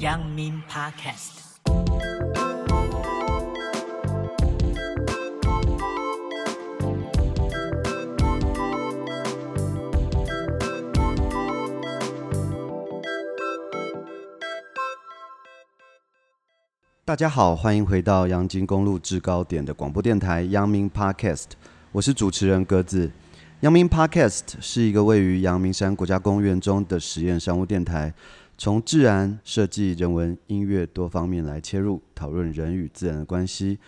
楊明 Podcast，大家好，歡迎回到陽金公路制高點的廣播電台，楊明 Podcast，我是主持人格子。陽明 Podcast 是一個位於陽明山國家公園中的實驗商務電台，從自然、設計、人文、音樂多方面來切入，討論人與自然的關係，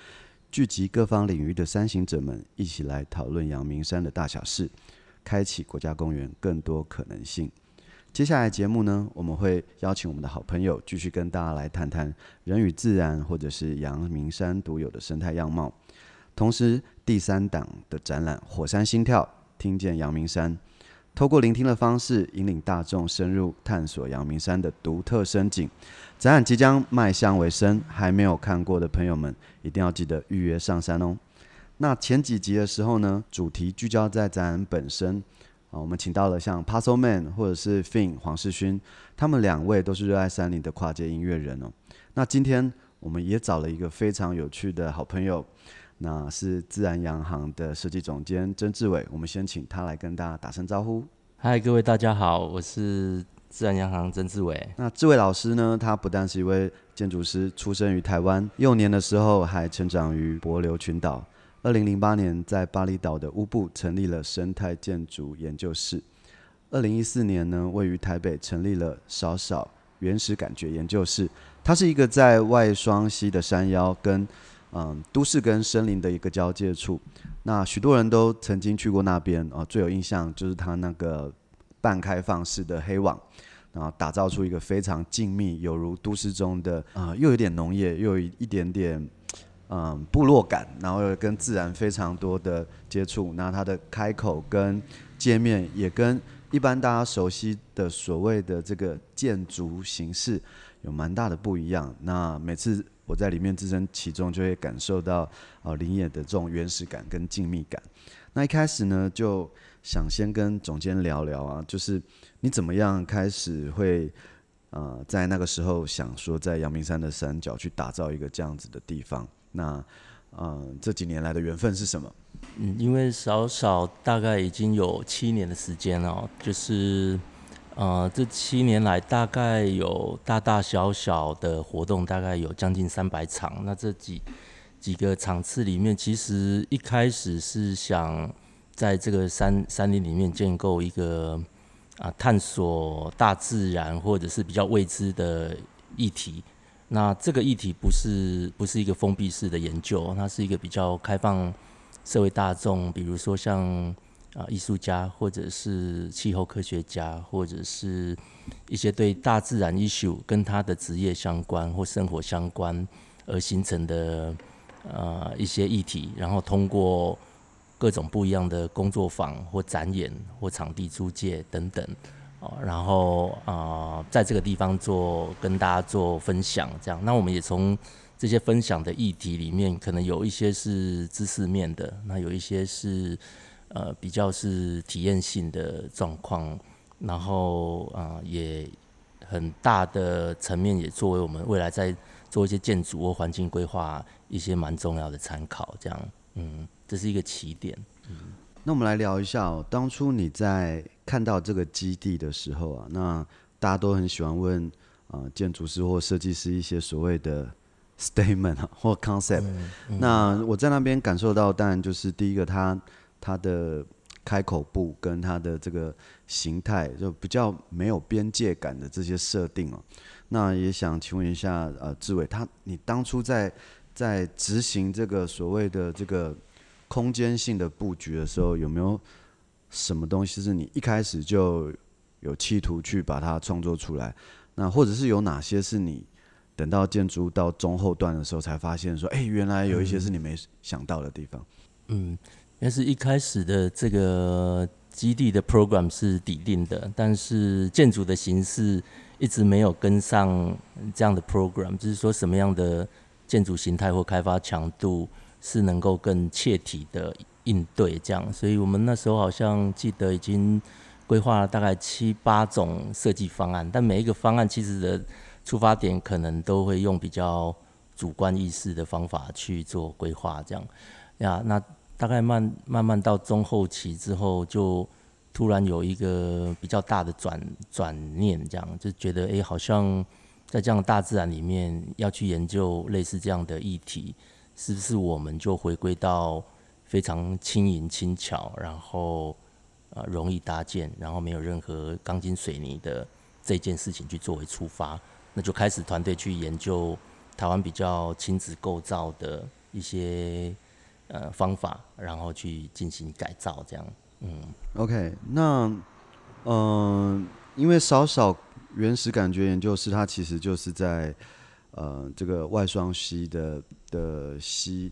聚集各方領域的三行者們一起來討論陽明山的大小事，開啟國家公園更多可能性。接下來節目呢，我們會邀請我們的好朋友繼續跟大家來談談人與自然，或者是陽明山獨有的生態樣貌。同時，第三檔的展覽《火山心跳》。聽見陽明山，透過聆聽的方式，引領大眾深入探索陽明山的獨特深景。展覽即將邁向尾聲，還沒有看過的朋友們，一定要記得預約上山哦。那前幾集的時候呢，主題聚焦在展覽本身啊，我們請到了像 Puzzle Man 或者是 Finn 黃世勳，他們兩位都是熱愛山林的跨界音樂人哦。那今天我們也找了一個非常有趣的好朋友。那是自然洋行的設計總監曾志偉，我們先請他來跟大家打聲招呼。嗨，各位大家好，我是自然洋行曾志偉。那志偉老師呢，他不但是一位建築師，出生於台灣，幼年的時候還成長於帛琉群島。二零零八年在巴厘島的烏布成立了生態建築研究室。二零一四年呢，位於台北成立了少少原始感覺研究室。他是一個在外雙溪的山腰跟。嗯，都市跟森林的一個交界處，那許多人都曾經去過那邊啊、呃，最有印象就是它那個半開放式的黑網，然後打造出一個非常靜謐，有如都市中的啊、呃，又有點農業，又有一點點嗯、呃、部落感，然後又跟自然非常多的接觸。那它的開口跟界面也跟一般大家熟悉的所謂的這個建築形式有蠻大的不一樣。那每次。我在裡面置身其中，就會感受到啊、呃，林野的這種原始感跟靜謐感。那一開始呢，就想先跟總監聊聊啊，就是你怎麼樣開始會呃在那個時候想說在陽明山的山腳去打造一個這樣子的地方？那嗯、呃，這幾年來的緣分是什麼？嗯，因為少少大概已經有七年的時間了、哦，就是。呃，這七年來大概有大大小小的活動，大概有將近三百場。那這幾幾個場次裡面，其實一開始是想在這個山山林裡面建構一個啊，探索大自然或者是比較未知的議題。那這個議題不是，不是一個封閉式的研究，它是一個比較開放，社會大眾，比如說像。啊，藝術家，或者是氣候科學家，或者是一些對大自然 issue 跟他的職業相關或生活相關而形成的呃一些議題，然後通過各種不一樣的工作坊或展演或場地租借等等，哦，然後啊在這個地方做跟大家做分享，這樣。那我們也從這些分享的議題裡面，可能有一些是知識面的，那有一些是。呃，比較是體驗性的狀況，然後啊、呃，也很大的層面也作為我們未來在做一些建築或環境規劃一些蠻重要的參考，這樣，嗯，這是一個起點。嗯、那我們來聊一下、喔，當初你在看到這個基地的時候啊，那大家都很喜歡問啊、呃，建築師或設計師一些所謂的 statement 或 concept、嗯。那我在那邊感受到，當然就是第一個，他。它的開口部跟它的這個形態就比較沒有邊界感的這些設定哦。那也想請問一下，呃，志偉，他你當初在在執行這個所謂的這個空間性的布局的時候，有沒有什麼東西是你一開始就有企圖去把它創作出來？那或者是有哪些是你等到建築到中後段的時候才發現說，哎、欸，原來有一些是你沒想到的地方？嗯。嗯但是一開始的這個基地的 program 是底定的，但是建築的形式一直沒有跟上這樣的 program，就是說什麼樣的建築形態或開發強度是能夠更切體的應對這樣，所以我們那時候好像記得已經規劃了大概七八種設計方案，但每一個方案其實的出發點可能都會用比較主觀意識的方法去做規劃這樣呀，那。大概慢慢慢到中後期之後，就突然有一個比較大的轉轉念，這樣就覺得，哎、欸，好像在這樣的大自然裡面，要去研究類似這樣的議題，是不是我們就回歸到非常輕盈輕巧，然後啊、呃、容易搭建，然後沒有任何鋼筋水泥的這件事情去作為出發，那就開始團隊去研究台灣比較輕質構造的一些。呃，方法，然後去進行改造，這樣，嗯，OK，那，嗯、呃，因為少少原始感覺研究室它其實就是在，呃，這個外雙溪的的溪，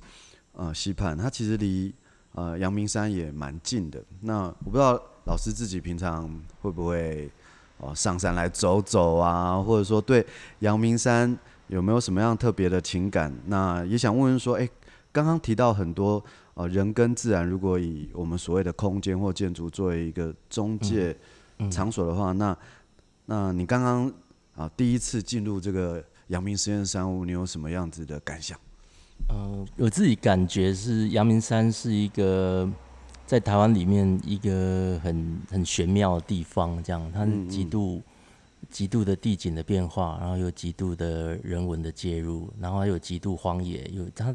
呃，溪畔，它其實離，呃，陽明山也蠻近的。那我不知道老師自己平常會不會，哦、呃，上山來走走啊，或者說對陽明山有沒有什麼樣特別的情感？那也想問問說，哎。剛剛提到很多呃人跟自然，如果以我們所謂的空間或建築作為一個中介場所的話，嗯嗯、那那你剛剛啊第一次進入這個陽明實驗山屋，你有什麼樣子的感想？呃，我自己感覺是陽明山是一個在台灣裡面一個很很玄妙的地方，這樣，它極度、嗯嗯、極度的地景的變化，然後又極度的人文的介入，然後還有極度荒野，有它。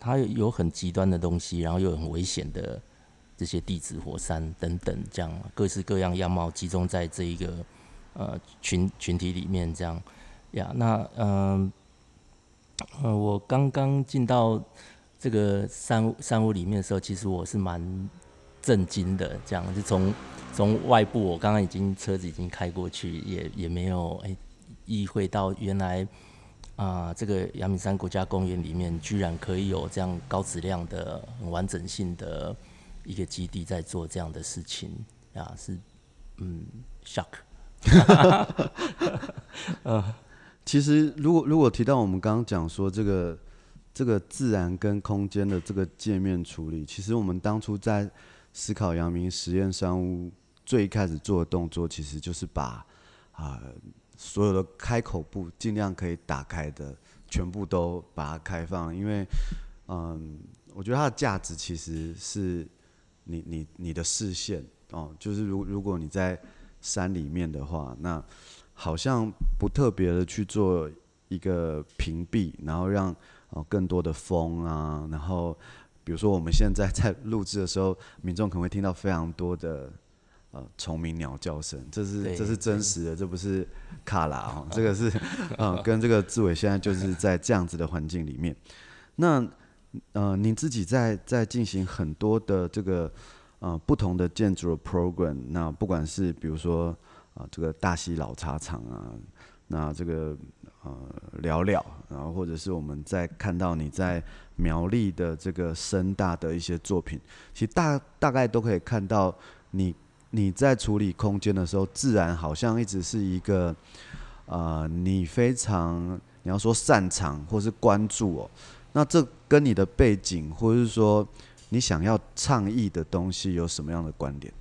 它有很極端的東西，然後又很危險的這些地質、火山等等，這樣各式各樣樣貌集中在這一個呃群群體裡面，這樣呀。Yeah, 那嗯嗯、呃呃，我剛剛進到這個山山屋裡面的時候，其實我是蠻震驚的。這樣就從從外部，我剛剛已經車子已經開過去，也也沒有哎意會到原來。啊、呃，這個陽明山國家公園裡面居然可以有這樣高質量的很完整性的一個基地，在做這樣的事情，啊，是，嗯，shock。 其實如果如果提到我們剛剛講說這個這個、自然跟空間的這個界面處理，其實我們當初在思考陽明實驗山屋最開始做的動作，其實就是把啊。呃所有的開口部盡量可以打開的，全部都把它開放，因為，嗯，我覺得它的價值其實是你你你的視線哦，就是如如果你在山裡面的話，那好像不特別的去做一個屏蔽，然後讓哦更多的風啊，然後比如說我們現在在錄製的時候，民眾可能會聽到非常多的。呃，蟲鳴鳥叫聲，這是對這是真實的，對這不是卡拉哦，這個是，嗯、 呃，跟這個志偉現在就是在這樣子的環境裡面。 那呃，你自己在在進行很多的這個呃不同的建築 program，那不管是比如說啊、呃、這個大溪老茶廠啊，那這個呃聊聊，然後或者是我們在看到你在苗栗的這個深大的一些作品，其實大大概都可以看到你。你在處理空間的時候，自然好像一直是一個，啊、呃。你非常你要說擅長或是關注哦，那這跟你的背景或是說你想要倡議的東西有什麼樣的觀點？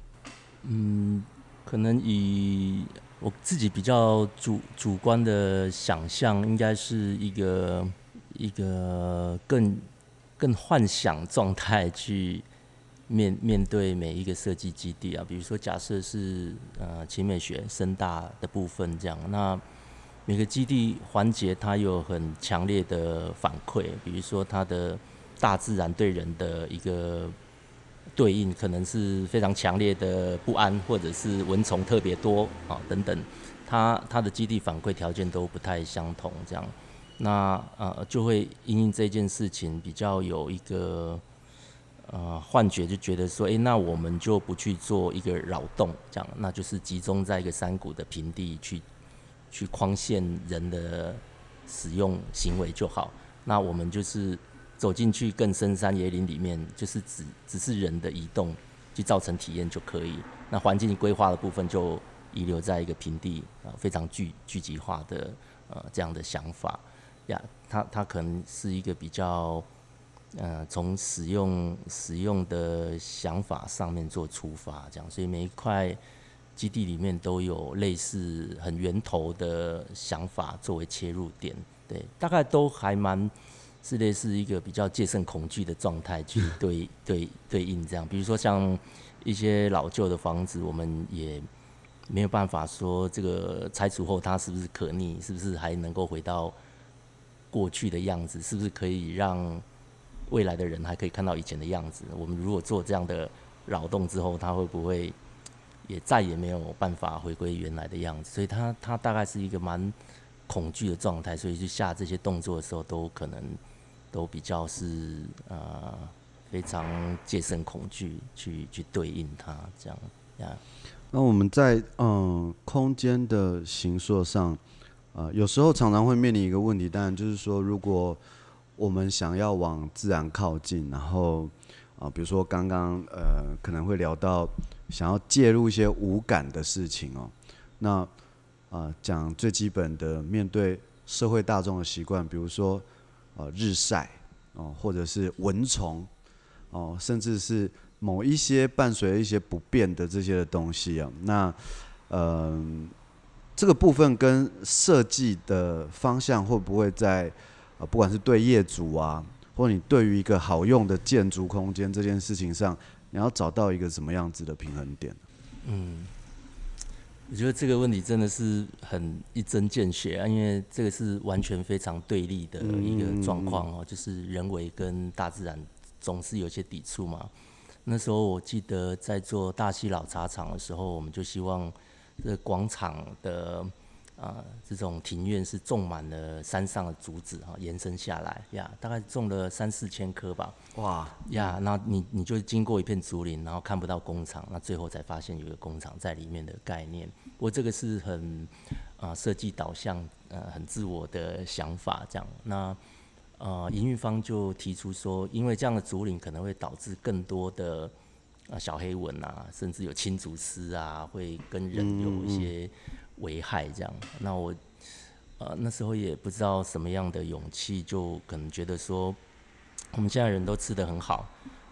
嗯，可能以我自己比較主主觀的想象，應該是一個一個更更幻想狀態去。面面對每一個設計基地啊，比如說假設是呃勤美學、深大的部分這樣，那每個基地環節它有很強烈的反饋，比如說它的大自然對人的一個對應，可能是非常強烈的不安，或者是蚊蟲特別多啊等等，它它的基地反饋條件都不太相同這樣，那呃就會因應這件事情比較有一個。呃，幻覺就覺得說，哎，那我們就不去做一個擾動，這樣，那就是集中在一個山谷的平地去，去框限人的使用行為就好。那我們就是走進去更深山野林裡面，就是只只是人的移動去造成體驗就可以。那環境規劃的部分就遺留在一個平地啊，呃，非常聚聚集化的呃這樣的想法呀，它它可能是一個比較。嗯，從、呃、使用使用的想法上面做出發，這樣，所以每一塊基地裡面都有類似很源頭的想法作為切入點，對，大概都還蠻是類似一個比較戒慎恐懼的狀態去對 對對應這樣。比如說像一些老舊的房子，我們也沒有辦法說這個拆除後它是不是可逆，是不是還能夠回到過去的樣子，是不是可以讓。未來的人還可以看到以前的樣子。我們如果做這樣的擾動之後，他會不會也再也沒有辦法回歸原來的樣子？所以，他他大概是一個蠻恐懼的狀態，所以就下這些動作的時候，都可能都比較是呃非常戒慎恐懼去去對應它這樣。那我們在嗯空間的形塑上，呃，有時候常常會面臨一個問題，當然就是說如果。我們想要往自然靠近，然後啊，比如說剛剛呃可能會聊到想要介入一些無感的事情哦，那啊、呃、講最基本的面對社會大眾的習慣，比如說啊、呃，日曬哦、呃，或者是蚊蟲哦、呃，甚至是某一些伴隨一些不便的這些的東西啊、哦，那嗯、呃、這個部分跟設計的方向會不會在？啊，不管是對業主啊，或你對於一個好用的建築空間這件事情上，你要找到一個什麼樣子的平衡點？嗯，我覺得這個問題真的是很一針見血啊，因為這個是完全非常對立的一個狀況哦，嗯、就是人為跟大自然總是有些抵觸嘛。那時候我記得在做大溪老茶廠的時候，我們就希望這廣場的。啊，這種庭院是種滿了山上的竹子哈、啊，延伸下來呀，yeah, 大概種了三四千棵吧。哇呀，yeah, 那你你就經過一片竹林，然後看不到工廠，那最後才發現有一個工廠在裡面的概念。我這個是很啊設計導向呃、啊、很自我的想法這樣。那啊，營運方就提出說，因為這樣的竹林可能會導致更多的、啊、小黑蚊啊，甚至有青竹絲啊，會跟人有一些。嗯嗯危害這樣，那我呃那時候也不知道什麼樣的勇氣，就可能覺得說，我們現在人都吃得很好。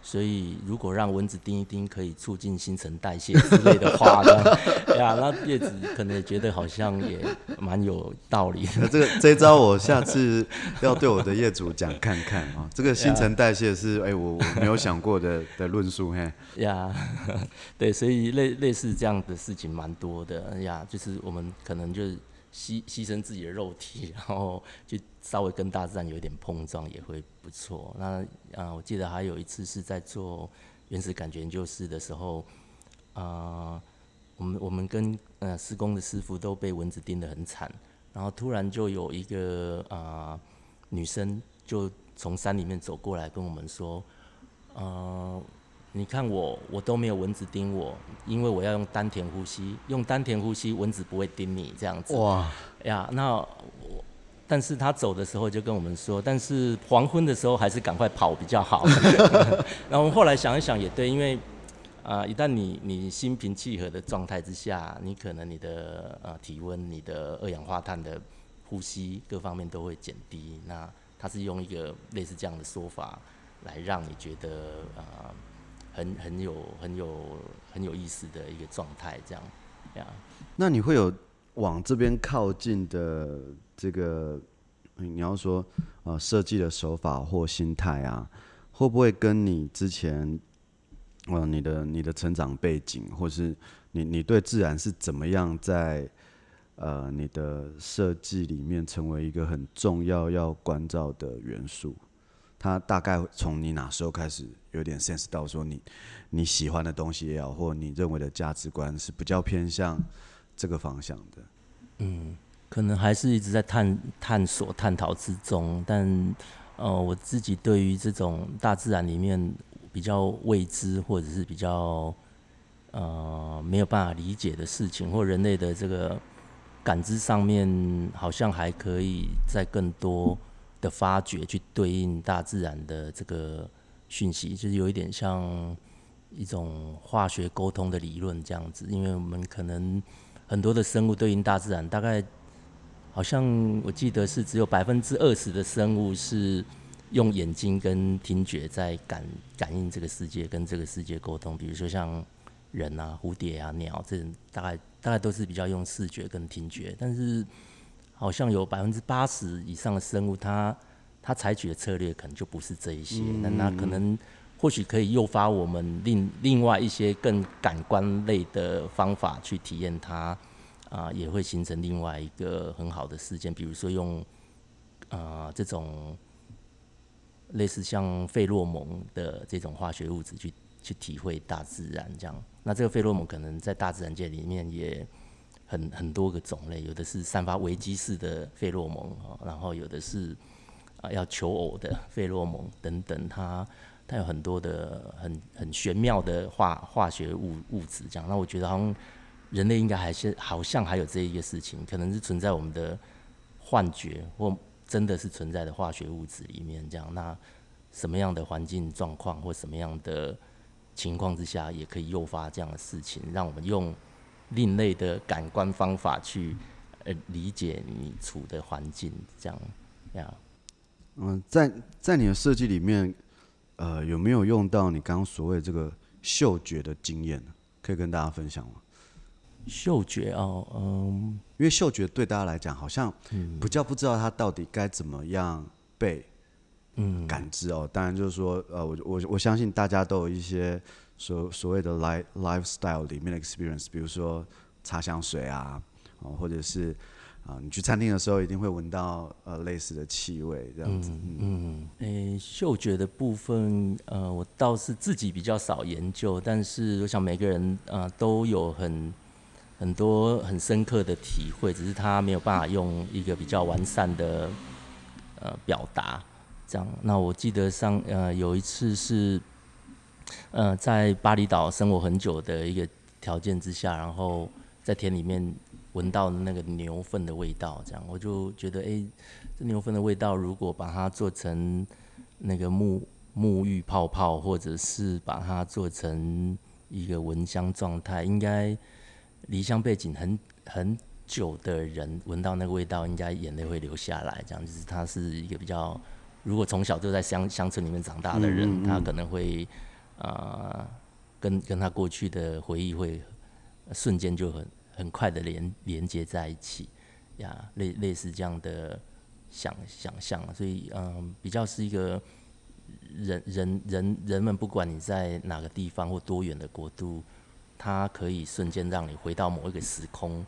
所以，如果讓蚊子叮一叮，可以促進新陳代謝之類的話呢？呀，那業主可能也覺得好像也蠻有道理。那 這個這一招，我下次要對我的業主講看看啊。這個新陳代謝是哎 Yeah.、欸，我我沒有想過的 的論述嘿。呀，Yeah. 對，所以類類似這樣的事情蠻多的。哎呀，就是我們可能就。犧犧牲自己的肉體，然後就稍微跟大自然有點碰撞，也會不錯。那啊、呃，我記得還有一次是在做原始感覺研究室的時候，啊、呃，我們我們跟呃施工的師傅都被蚊子叮得很慘，然後突然就有一個啊、呃、女生就從山裡面走過來跟我們說，啊、呃。你看我，我都沒有蚊子叮我，因為我要用丹田呼吸，用丹田呼吸，蚊子不會叮你這樣子。哇呀，那我，但是他走的時候就跟我們說，但是黃昏的時候還是趕快跑比較好。那 我們後來想一想也對，因為啊、呃，一旦你你心平氣和的狀態之下，你可能你的呃體溫、你的二氧化碳的呼吸各方面都會減低。那他是用一個類似這樣的說法來讓你覺得呃。很很有很有很有意思的一個狀態，這樣，這樣。那你會有往這邊靠近的這個？你要說，呃，設計的手法或心態啊，會不會跟你之前，嗯、呃，你的你的成長背景，或是你你對自然是怎麼樣在，在呃你的設計裡面成為一個很重要要關照的元素？他大概從你哪時候開始有點 sense 到說，你你喜歡的東西也好，或你認為的價值觀是比較偏向這個方向的？嗯，可能還是一直在探探索、探討之中。但呃，我自己對於這種大自然裡面比較未知或者是比較呃沒有辦法理解的事情，或人類的這個感知上面，好像還可以再更多，的發掘去對應大自然的這個訊息，就是有一點像一種化學溝通的理論這樣子。因為我們可能很多的生物對應大自然，大概好像我記得是只有百分之二十的生物是用眼睛跟聽覺在感感應這個世界，跟這個世界溝通。比如說像人啊、蝴蝶啊、鳥這種，大概大概都是比較用視覺跟聽覺，但是。好像有百分之八十以上的生物它，它它採取的策略可能就不是這一些，那那、嗯、可能或許可以誘發我們另另外一些更感官類的方法去體驗它，啊、呃，也會形成另外一個很好的事件，比如說用啊、呃、這種類似像費洛蒙的這種化學物質去去體會大自然，這樣，那這個費洛蒙可能在大自然界裡面也。很很多個種類，有的是散發危機式的費洛蒙哦，然後有的是啊要求偶的費洛蒙等等，它它有很多的很很玄妙的化化學物物質這樣。那我覺得好像人類應該還是好像還有這一個事情，可能是存在我們的幻覺，或真的是存在的化學物質裡面這樣。那什麼樣的環境狀況或什麼樣的情況之下，也可以誘發這樣的事情，讓我們用。另類的感官方法去呃理解你處的環境，這樣，樣、yeah。嗯，在在你的設計裡面，呃，有沒有用到你剛剛所謂這個嗅覺的經驗？可以跟大家分享嗎？嗅覺哦，嗯，因為嗅覺對大家來講好像比較不知道它到底該怎麼樣被嗯感知哦。嗯嗯嗯、當然就是說，呃，我我我相信大家都有一些。所所謂的 life, lifestyle 裡面的 experience，比如說擦香水啊，哦、或者是啊、呃，你去餐廳的時候一定會聞到呃類似的氣味，這樣子。嗯，誒、嗯欸，嗅覺的部分，呃，我倒是自己比較少研究，但是我想每個人呃都有很很多很深刻的體會，只是他沒有辦法用一個比較完善的、嗯、呃表達這樣。那我記得上呃有一次是。嗯、呃，在巴厘島生活很久的一個條件之下，然後在田裡面聞到那個牛糞的味道，這樣我就覺得，哎，這牛糞的味道如果把它做成那個沐沐浴泡泡，或者是把它做成一個蚊香狀態，應該離鄉背井很很久的人聞到那個味道，應該眼淚會流下來。這樣就是他是一個比較，如果從小就在鄉鄉村裡面長大的人，嗯、他可能會。啊、呃，跟跟他過去的回憶會瞬間就很很快的連連接在一起，呀，類類似這樣的想想象，所以嗯、呃，比較是一個人人人人們不管你在哪個地方或多遠的國度，它可以瞬間讓你回到某一個時空，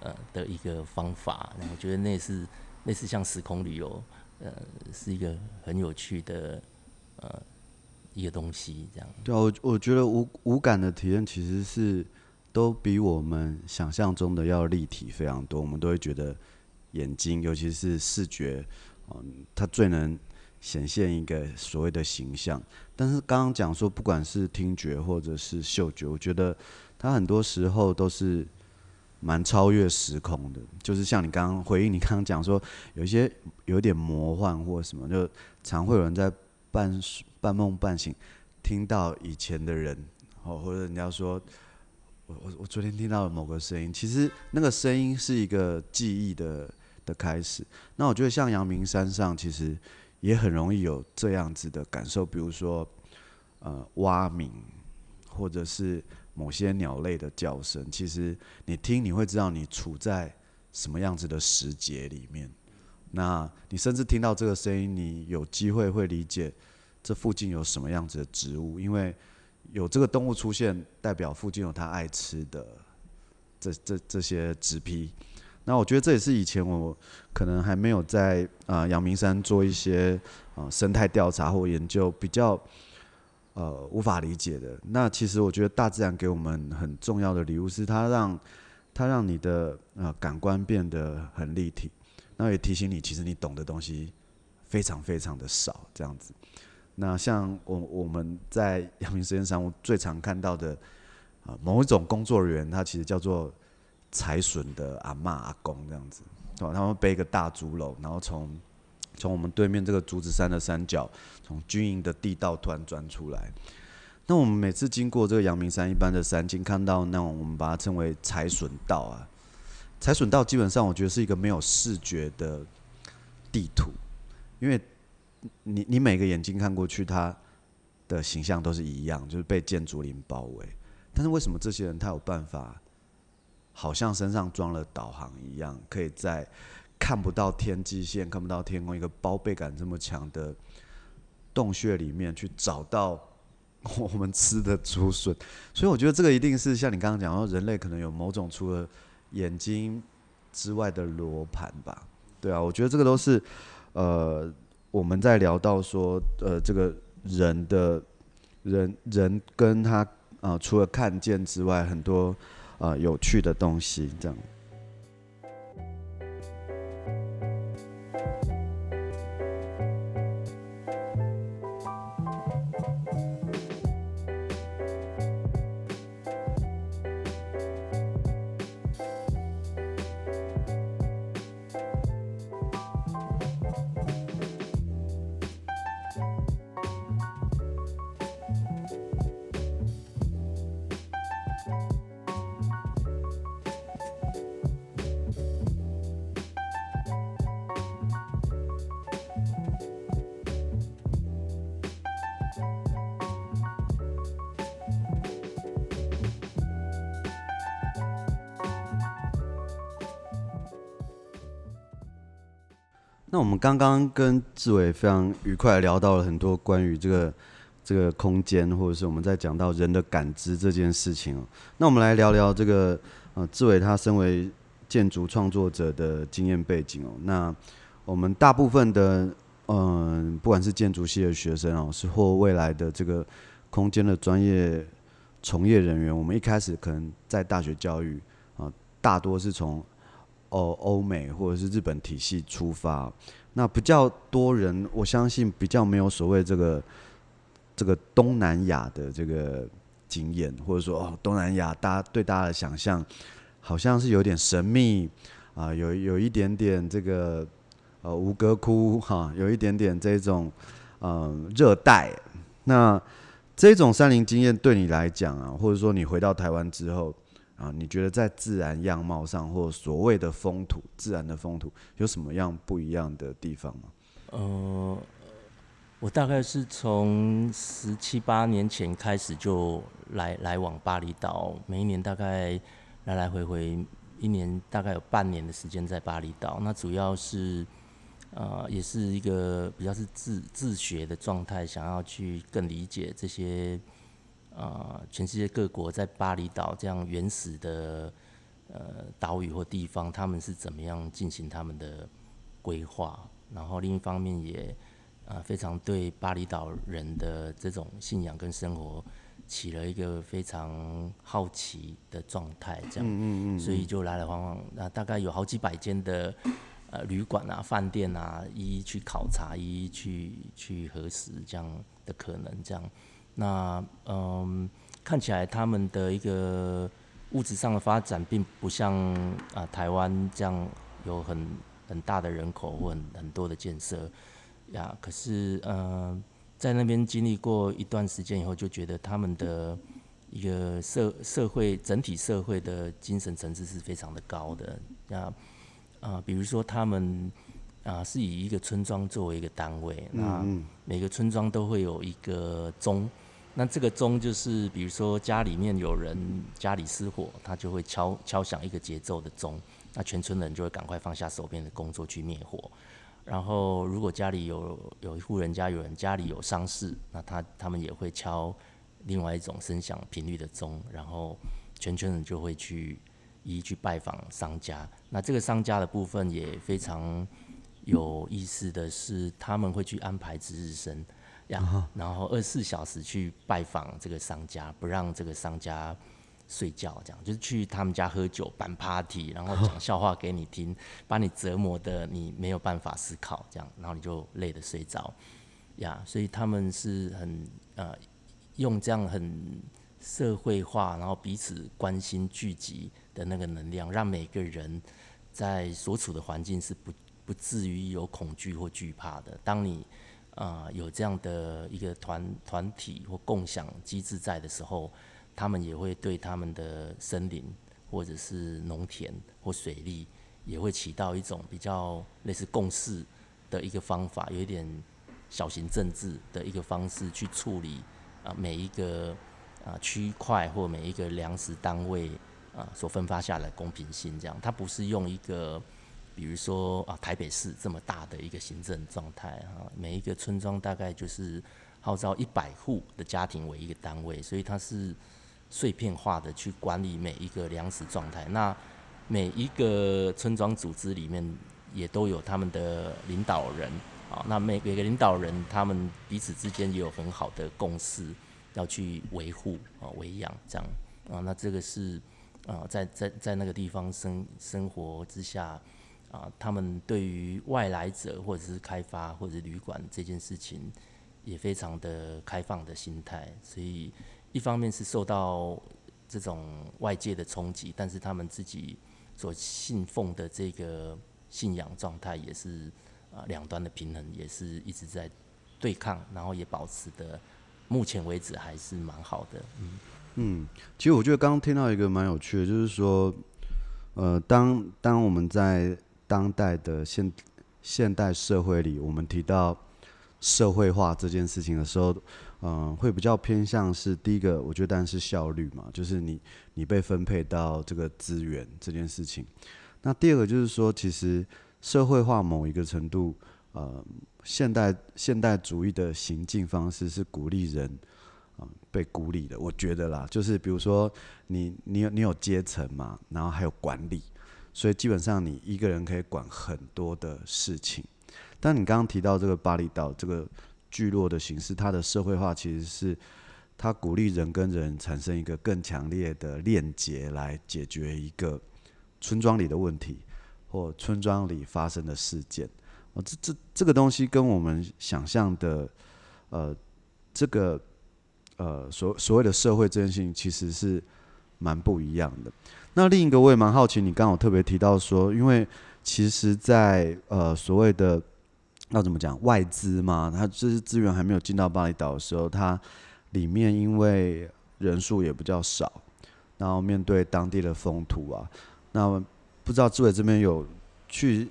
呃的一個方法，我覺得那是那是像時空旅遊，呃，是一個很有趣的。東西這樣對啊，對我我覺得無無感的體驗其實是都比我們想象中的要立體非常多。我們都會覺得眼睛，尤其是視覺，嗯，它最能顯現一個所謂的形象。但是剛剛講說，不管是聽覺或者是嗅覺，我覺得它很多時候都是蠻超越時空的。就是像你剛剛回應你剛剛，你剛剛講說有一些有點魔幻或什麼，就常會有人在。半半夢半醒，聽到以前的人，哦，或者人家說，我我我昨天聽到了某個聲音，其實那個聲音是一個記憶的的開始。那我覺得，像陽明山上，其實也很容易有這樣子的感受，比如說，呃，蛙鳴，或者是某些鳥類的叫聲，其實你聽，你會知道你處在什麼樣子的時節裡面。那你甚至聽到這個聲音，你有機會會理解，這附近有什麼樣子的植物，因為有這個動物出現，代表附近有它愛吃的這這這些植被。那我覺得這也是以前我可能還沒有在啊、呃、陽明山做一些啊、呃、生態調查或研究比較呃無法理解的。那其實我覺得大自然給我們很重要的禮物是它讓它讓你的啊、呃、感官變得很立體。那也提醒你，其實你懂的東西非常非常的少，這樣子。那像我我們在陽明山上我最常看到的，啊、呃、某一種工作人員，他其實叫做採筍的阿嬤阿公這樣子，吧、哦？他們背一個大竹簍，然後從從我們對面這個竹子山的山腳，從軍營的地道突然鑽出來。那我們每次經過這個陽明山一般的山徑，看到那種我們把它稱為採筍道啊。採筍道基本上，我覺得是一個沒有視覺的地圖，因為你你每個眼睛看過去，它的形象都是一樣，就是被箭竹林包圍。但是為什麼這些人他有辦法，好像身上裝了導航一樣，可以在看不到天際線、看不到天空、一個包被感這麼強的洞穴裡面去找到我們吃的竹筍？所以我覺得這個一定是像你剛剛講說，人類可能有某種除了眼睛之外的羅盤吧，對啊，我覺得這個都是，呃，我們在聊到說，呃，這個人的，人人跟他啊、呃，除了看見之外，很多啊、呃、有趣的東西這樣。那我們剛剛跟志偉非常愉快聊到了很多關於這個這個空間，或者是我們在講到人的感知這件事情哦。那我們來聊聊這個呃，志偉他身為建築創作者的經驗背景哦。那我們大部分的嗯、呃，不管是建築系的學生哦，是或未來的這個空間的專業從業人員，我們一開始可能在大學教育啊、呃，大多是從。哦，歐美或者是日本體系出發，那比較多人，我相信比較沒有所謂這個這個東南亞的這個經驗，或者說哦，東南亞大家對大家的想象，好像是有點神秘啊、呃，有有一點點這個呃吳哥窟哈，有一點點這種呃熱帶。那這種山林經驗對你來講啊，或者說你回到台灣之後。啊，你覺得在自然樣貌上，或所謂的風土，自然的風土，有什麼樣不一樣的地方嗎？呃，我大概是從十七八年前開始就來來往巴厘島，每一年大概來來回回，一年大概有半年的時間在巴厘島。那主要是，呃，也是一個比較是自自學的狀態，想要去更理解這些。啊、呃，全世界各國在巴厘島這樣原始的呃島嶼或地方，他們是怎麼樣進行他們的規劃？然後另一方面也、呃、非常對巴厘島人的這種信仰跟生活起了一個非常好奇的狀態，這樣，嗯嗯嗯、所以就來來往往，那大概有好幾百間的呃旅館啊、飯店啊，一一去考察，一一去去核實這樣的可能這樣。那嗯、呃，看起來他們的一個物質上的發展並不像啊、呃、台灣這樣有很很大的人口或很，很多的建設呀。可是嗯、呃，在那邊經歷過一段時間以後，就覺得他們的一個社社會整體社會的精神層次是非常的高的。那啊、呃，比如說他們啊、呃、是以一個村莊作為一個單位，那每個村莊都會有一個中。那這個鐘就是，比如說家裡面有人家裡失火，他就會敲敲響一個節奏的鐘，那全村人就會趕快放下手邊的工作去滅火。然後如果家裡有有一戶人家有人家裡有喪事，那他他們也會敲另外一種聲響頻率的鐘，然後全村人就會去一一去拜訪商家。那這個商家的部分也非常有意思的是，他們會去安排值日生。Yeah, uh huh. 然後，然後二十四小時去拜訪這個商家，不讓這個商家睡覺，這樣就是去他們家喝酒辦 party，然後講笑話給你聽，把你折磨的你沒有辦法思考，這樣，然後你就累得睡着。呀，yeah，所以他們是很呃，用這樣很社會化，然後彼此關心聚集的那個能量，讓每個人在所處的環境是不不至於有恐懼或懼怕的。當你。啊，有這樣的一個團團體或共享機制在的時候，他們也會對他們的森林或者是農田或水利，也會起到一種比較類似共識的一個方法，有一點小型政治的一個方式去處理啊每一個啊區塊或每一個糧食單位啊所分發下來的公平性這樣，它不是用一個。比如說啊，台北市這麼大的一個行政狀態啊，每一個村莊大概就是號召一百戶的家庭為一個單位，所以它是碎片化的去管理每一個糧食狀態。那每一個村莊組織裡面也都有他們的領導人啊，那每每個領導人他們彼此之間也有很好的共識要去維護啊、維養這樣啊，那這個是啊，在在在那個地方生生活之下。啊，他們對於外來者或者是開發或者旅館這件事情，也非常的開放的心態。所以，一方面是受到這種外界的衝擊，但是他們自己所信奉的這個信仰狀態也是啊，兩端的平衡也是一直在對抗，然後也保持的，目前為止還是蠻好的。嗯嗯，其實我覺得剛剛聽到一個蠻有趣的，就是說，呃，當當我們在當代的現現代社會裡，我們提到社會化這件事情的時候，嗯、呃，會比較偏向是第一個，我覺得當然是效率嘛，就是你你被分配到這個資源這件事情。那第二個就是說，其實社會化某一個程度，呃，現代現代主義的行進方式是鼓勵人、呃、被鼓勵的，我覺得啦，就是比如說你你有你有階層嘛，然後還有管理。所以基本上，你一個人可以管很多的事情。但你剛剛提到這個巴厘島這個聚落的形式，它的社會化其實是它鼓勵人跟人產生一個更強烈的鏈接，來解決一個村莊裡的問題或村莊裡發生的事件。哦，這這這個東西跟我們想象的呃這個呃所所謂的社會真實性其實是蠻不一樣的。那另一個我也蠻好奇，你剛好特別提到說，因為其實在，在呃所謂的那怎麼講外資嘛，它這些資源還沒有進到巴厘島的時候，它裡面因為人數也比較少，然後面對當地的風土啊，那不知道志偉這邊有去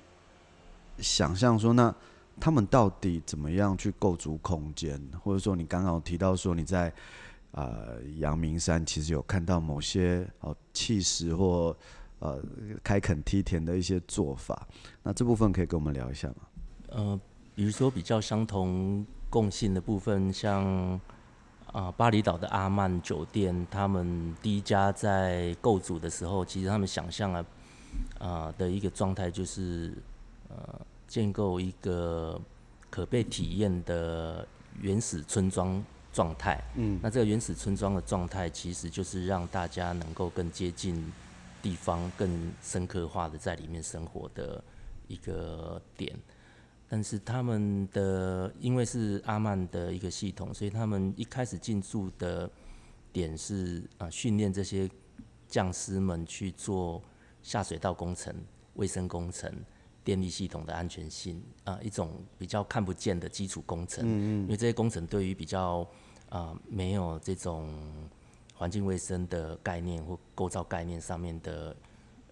想象說，那他們到底怎麼樣去構築空間，或者說你剛好提到說你在。啊，陽、呃、明山其實有看到某些哦砌石或呃開墾梯田的一些做法，那這部分可以跟我們聊一下嗎？呃，比如說比較相同共性的部分，像啊、呃、巴厘島的阿曼酒店，他們第一家在構築的時候，其實他們想象了啊、呃、的一個狀態，就是呃建構一個可被體驗的原始村莊。狀態，嗯，那這個原始村莊的狀態其實就是讓大家能夠更接近地方、更深刻化的在裡面生活的一個點。但是他們的因為是阿曼的一個系統，所以他們一開始進駐的點是啊，訓練這些匠師們去做下水道工程、衛生工程、電力系統的安全性啊，一種比較看不見的基礎工程。嗯嗯。因為這些工程對於比較啊、呃、沒有這種環境衛生的概念或構造概念上面的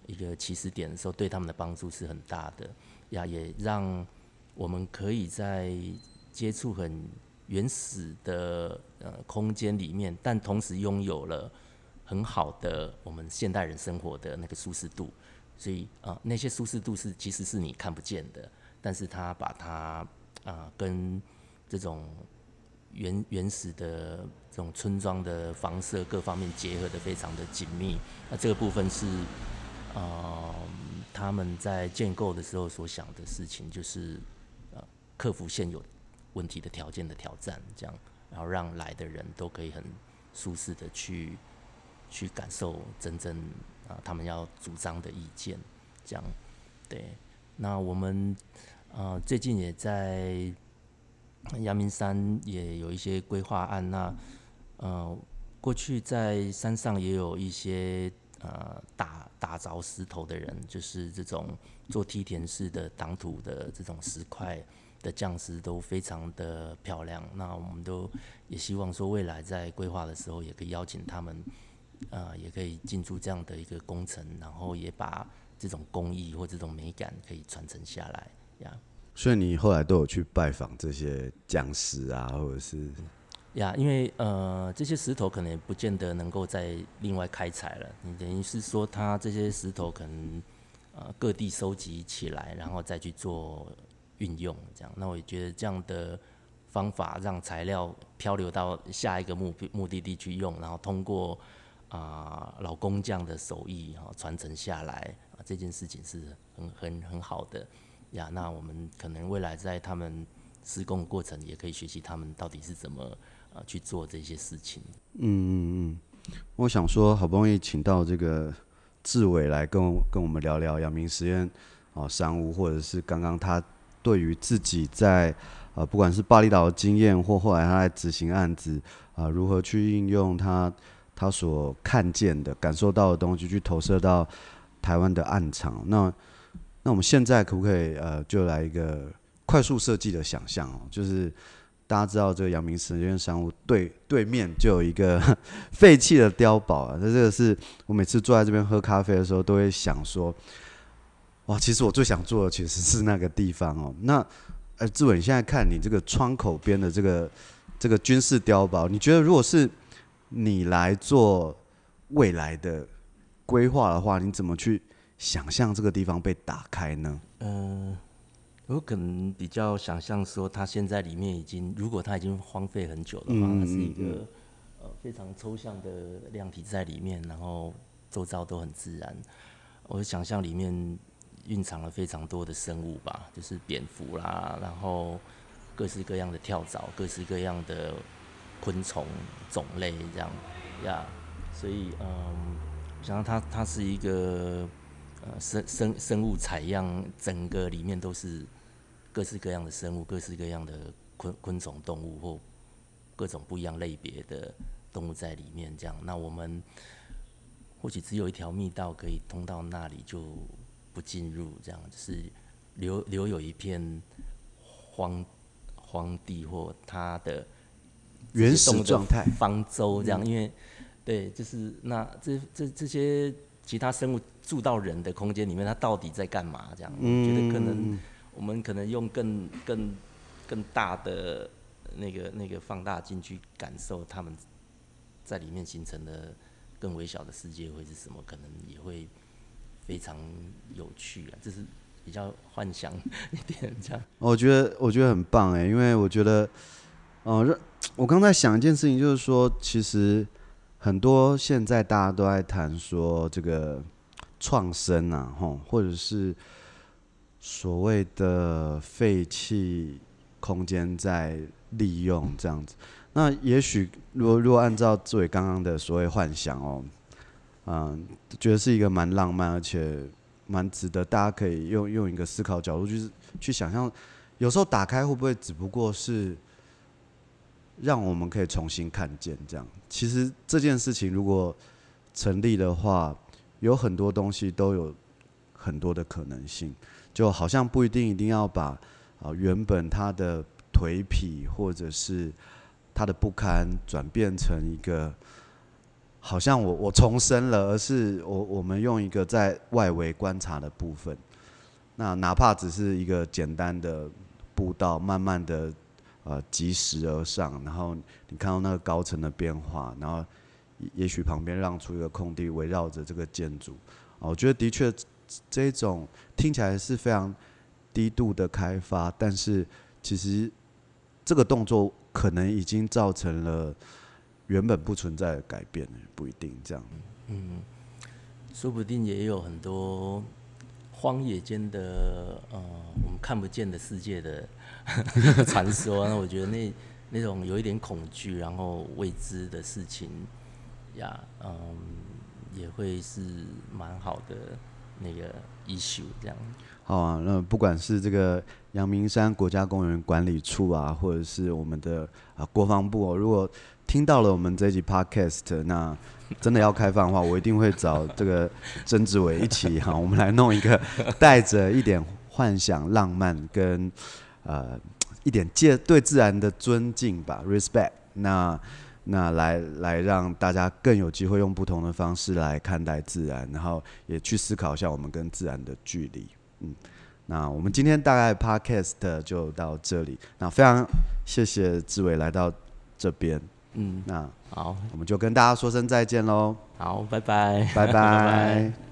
一個起始點的時候，對他們的幫助是很大的呀，也讓我們可以在接觸很原始的呃空間裡面，但同時擁有了很好的我們現代人生活的那個舒適度。所以啊、呃，那些舒適度是其實是你看不見的，但是它把它啊、呃、跟這種原原始的這種村莊的房舍各方面結合得非常的緊密。那這個部分是，啊、呃，他們在建構的時候所想的事情，就是啊、呃，克服現有問題的條件的挑戰，這樣，然後讓來的人都可以很舒適的去去感受真正。啊，他們要主張的意見，這樣，對，那我們呃最近也在陽明山也有一些規劃案，那呃過去在山上也有一些呃打打鑿石頭的人，就是這種做梯田式的擋土的這種石塊的匠師都非常的漂亮，那我們都也希望說未來在規劃的時候也可以邀請他們。呃，也可以進駐這樣的一個工程，然後也把這種工藝或這種美感可以傳承下來，呀，yeah。所以你後來都有去拜訪這些匠師啊，或者是？呀，yeah, 因為呃，這些石頭可能也不見得能夠再另外開採了。你等於是說，它這些石頭可能呃各地收集起來，然後再去做運用，這樣。那我也覺得這樣的方法讓材料漂流到下一個目目的地去用，然後通過。啊，老工匠的手藝哈傳承下來啊，這件事情是很很很好的呀。那我們可能未來在他們施工過程，也可以學習他們到底是怎麼、啊、去做這些事情。嗯嗯嗯，我想說，好不容易請到這個志偉來跟跟我們聊聊陽明實驗啊，山屋，或者是剛剛他對於自己在啊不管是巴厘島的經驗，或後來他來執行案子啊，如何去應用他。他所看見的、感受到的東西，去投射到台灣的暗場。那那我們現在可不可以呃，就來一個快速設計的想象哦？就是大家知道這個陽明實驗山屋對對面就有一個廢棄的碉堡啊。那這個是我每次坐在這邊喝咖啡的時候，都會想說：哇，其實我最想做的其實是那個地方哦。那呃，志偉，你現在看你這個窗口邊的這個這個軍事碉堡，你覺得如果是？你來做未來的規劃的話，你怎麼去想象這個地方被打開呢？嗯、呃，我可能比較想象說，它現在裡面已經，如果它已經荒廢很久的話，它是一個呃非常抽象的量體在裡面，然後周遭都很自然。我想象裡面蘊藏了非常多的生物吧，就是蝙蝠啦，然後各式各樣的跳蚤，各式各樣的。昆蟲種類這樣，呀，所以嗯，想、um, 它它是一個呃生生生物採樣，整個裡面都是各式各樣的生物，各式各樣的昆昆蟲、動物或各種不一樣類別的動物在裡面這樣。那我們或許只有一條密道可以通到那裡，就不進入這樣，就是留留有一片荒荒地或它的。原始狀態，方舟這樣，嗯、因為對，就是那這這這些其他生物住到人的空間裡面，它到底在幹嘛？這樣，我、嗯、覺得可能我們可能用更更更大的那個那個放大鏡去感受它們在裡面形成的更微小的世界會是什麼，可能也會非常有趣啊！這、就是比較幻想一點這樣。我覺得我覺得很棒哎、欸，因為我覺得。哦、嗯，我剛在想一件事情，就是說，其實很多現在大家都在談說這個創生啊，吼，或者是所謂的廢棄空間在利用這樣子。那也許，如果如果按照志偉剛剛的所謂幻想哦，嗯，覺得是一個蠻浪漫，而且蠻值得大家可以用用一個思考角度去，去去想象，有時候打開會不會只不過是。讓我們可以重新看見這樣。其實這件事情如果成立的話，有很多東西都有很多的可能性。就好像不一定一定要把啊原本他的頹圮或者是他的不堪轉變成一個，好像我我重生了，而是我我們用一個在外圍觀察的部分，那哪怕只是一個簡單的步道，慢慢的。呃，及時而上，然後你看到那個高層的變化，然後也許旁邊讓出一個空地，圍繞着這個建築。啊，我覺得的確，這種聽起來是非常低度的開發，但是其實這個動作可能已經造成了原本不存在的改變，不一定這樣。嗯，說不定也有很多荒野間的呃，我們看不見的世界的。傳 說，那我覺得那那種有一點恐懼，然後未知的事情呀，嗯、yeah, um,，也會是蠻好的那個 issue 這樣。好啊，那不管是這個陽明山國家公園管理處啊，或者是我們的啊國防部、喔，如果聽到了我們這集 podcast，那真的要開放的話， 我一定會找這個曾志偉一起哈， 我們來弄一個帶着一點幻想、浪漫跟。呃，一點借對自然的尊敬吧，respect 那。那那來來讓大家更有機會用不同的方式來看待自然，然後也去思考一下我們跟自然的距離。嗯，那我們今天大概 podcast 就到這裡。那非常謝謝志偉來到這邊。嗯，那好，我們就跟大家說聲再見嘍。好，拜拜，拜拜。 拜拜。